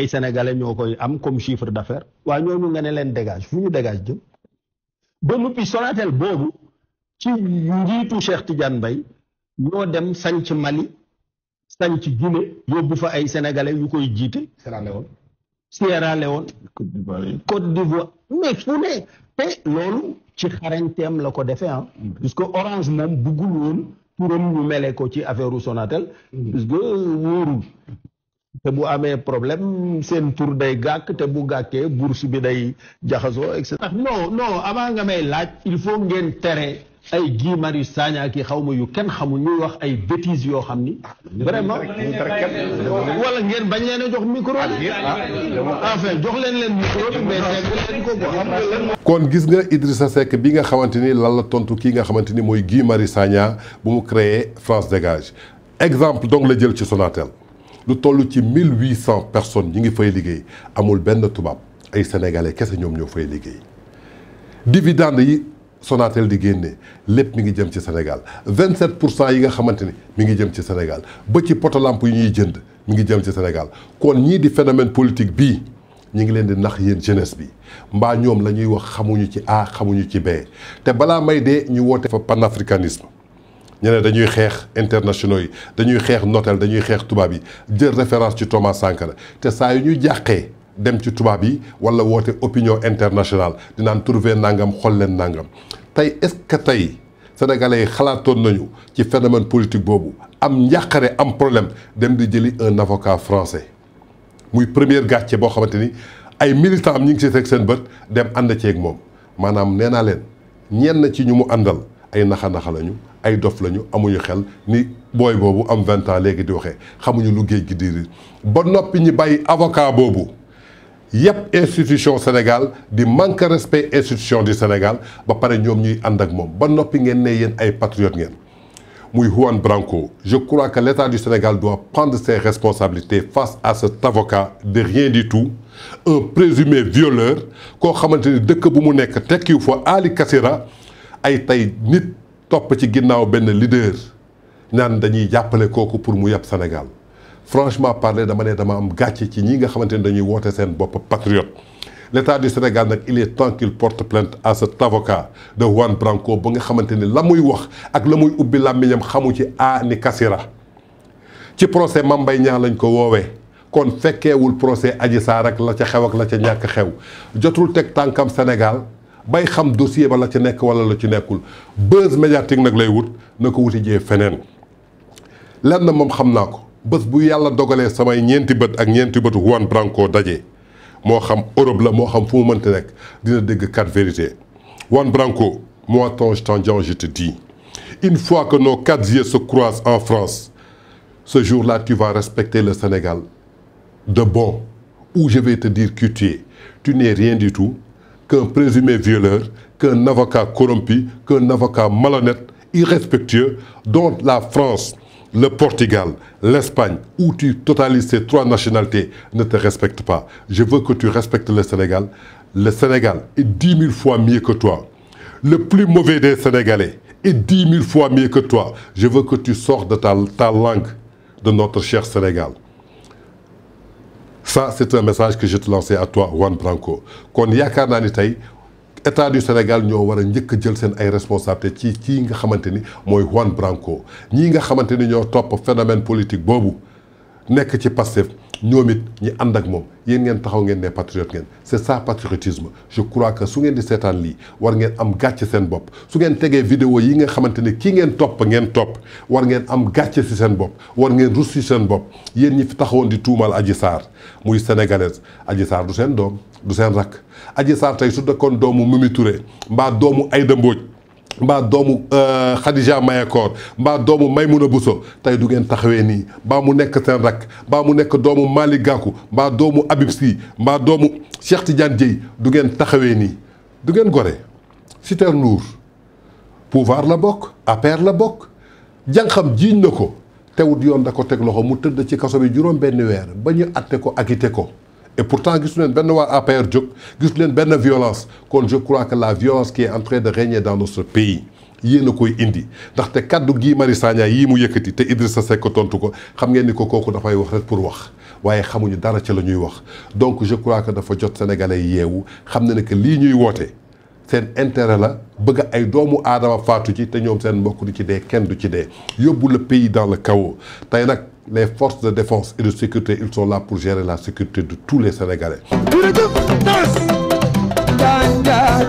ay sénégalais ñoo koy am comme chiffre d'affaires waa ñooñu nga ne leen dégage fu ñu dégage jëm ba noppi Sonatel boobu ci njiitu Cheikh Tidiane Mbaye ñoo dem sanc Mali sanc Guinée yóbbu fa ay sénégalais yu koy jiite Sierra Leone Sierra d'Ivoire mais fu ne te loolu ci xarañteem la ko defee ah mm-hmm. puisque Orange moom buggul woon turam ñu mele ci affaire u Sonatel mm-hmm. parce que wóorul te bu un problème bourse bi day non non avant nga may il faut ngeen téré ay Guy ki xawma yu bêtises micro enfin micro Idrissa Seck bi nga la tontu nga France Dégage exemple donc le jël Sonatel lu toll ci personnes ñi ngi fay liggéey amul benn tubab ay sénégalais kese ñom ñoo fay liggéey dividende yi Sonatel di mi ngi jëm ci Sénégal 27% yi nga xamanteni mi ngi jëm ci Sénégal ba ci yi ñuy jënd mi Sénégal kon politique ñi ngi jeunesse bi A xamuñu ci B te balaa may dee ñu panafricanisme ñu dañuy xeex internationaux yi dañuy xeex notel dañuy xeex tubaab yi jël référence ci Thomas Sankara te saa yu ñu jàqee dem ci tubaab yi walla woote opinion internationale dinaan trouver nangam xool leen nangam tey est-ce que tey sénégalais yi xalaatoon nañu ci phénomène politique boobu am njàqare am problème dem di jëli un avocat français muy première gàcce boo xamante ni ay militant am ñu ngi si teg seen bët dem ànd ceeg moom maanaam nee naa leen ñenn ci ñu àndal ay naxa naxa lañu. ay dof lañu amuñu xel ni boy bobu am 20 ans légui di waxé xamuñu lu géej gi diiri ba nopi ñi bàyyi avocat bobu yëpp institution Sénégal di manque respect institution du Sénégal ba paré ñom ñuy and ak mom ba nopi ngeen né yeen ay patriote ngeen muy Juan Branco je crois que l'État du Sénégal doit prendre ses responsabilités face à cet avocat de rien du tout un présumé violeur ko xamanteni ni dëkk bu mu nekk tekki fa Ali Kassira ay tay nit topp ci ginnaaw benn leader ñaan dañuy jàppale kooku pour mu yàpp Sénégal franchement parler dama ne dama am gàcc ci ñi nga xamante ne dañuy woote seen bopp patriote l'état du Sénégal nag il est temps qu'il porte plainte à cet avocat de Juan Branco ba nga xamante ni la muy wax ak la muy ubbi làmmiñam xamu ci a ni kasira ci procès Mame Mbaye Niang lañ ko woowee kon fekkewul procès Adji Sarr ak la ca xew ak la ca ñàkk xew jotul teg tànkam Sénégal bay xam dossier ba la ci nek wala la ci nekul buzz médiatique nak lay wut nako wuti je fenen lenn mom xam nako buzz bu yalla dogalé samay ñenti beut ak ñenti bëtu Juan Branco dajé mo xam Europe la mo xam fu mu mënti dina dégg quatre vérités Juan Branco moi ton je je te dis une fois que nos quatre yeux se croisent en France ce jour-là tu vas respecter le Sénégal de bon ou je vais te dire que tu es tu n'es rien du tout qu'un présumé violeur, qu'un avocat corrompu, qu'un avocat malhonnête, irrespectueux, dont la France, le Portugal, l'Espagne, où tu totalises ces trois nationalités, ne te respectent pas. Je veux que tu respectes le Sénégal. Le Sénégal est dix mille fois mieux que toi. Le plus mauvais des Sénégalais est dix mille fois mieux que toi. Je veux que tu sors de ta langue de notre cher Sénégal ça c'est un message que je te lançais à toi Juan Branco kon Yakarna naa ni tey état du Sénégal ñoo avons a que jël seen ay responsabilités ci kii nga xamante ni Juan Branco ñii nga xamante ni ñoo topp phénomène politique boobu nekk ci Pastef ñoom it ñi ànd ak moom yéen ngeen taxaw ngeen ne patriote ngeen c' est ça patriotisme je crois que su ngeen di seetaan lii war ngeen am gàcce seen bopp su ngeen tegee vidéo yi nga xamante ne kii ngeen topp ngeen topp war ngeen am gàcc si seen bopp war ngeen rus si seen bopp yéen ñi fi taxawoon di tuumaal Adji saar muy sénégalaise Adji Sarr du seen doom du seen rakk Adji Sarr tey su dëkkoon doomu Mimi Touré mbaa doomu Aïda Mbodj mbaa doomu euh, Khadija Mahécor mbaa doomu may Maimouna buso tey du ngeen taxawee nii mbaa mu nekk seen rakk mbaa mu nekk doomu Malick Gakou mbaa doomu Habib si mbaa doomu Cheikh Tidiane Dieye du ngeen taxawee nii du ngeen gore Sitor Ndour pouvoir la bokk APR la bokk jànqam jiiñ na ko tewut yoon da ko teg loxo mu tëdd ci kaso bi juróom benn weer ba ñu atte ko agite ko et pourtant gis leen benn waa APR jóg gis leen violence kon je crois que la violence qui est en train de régner dans notre pays yéen a koy indi ndaxte kaddu Guy Marius Sagna yii mu yëkkati te Idrissa Seck tontu ko xam ngeen ni ko kooku dafay wax rek pour wax waaye xamuñu dara ci la ñuy wax donc je crois que dafa jot sénégalais yeewu xam na ne que lii ñuy woote seen intérêt la bëgg ay doomu aadama faatu ci te ñoom seen mbokk du ci dee kenn du ci dee yóbbu le pays dans le chaos tey nag les forces de défense et de sécurité, ils sont là pour gérer la sécurité de tous les Sénégalais.